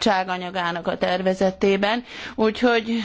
bizottság anyagának a tervezetében, úgyhogy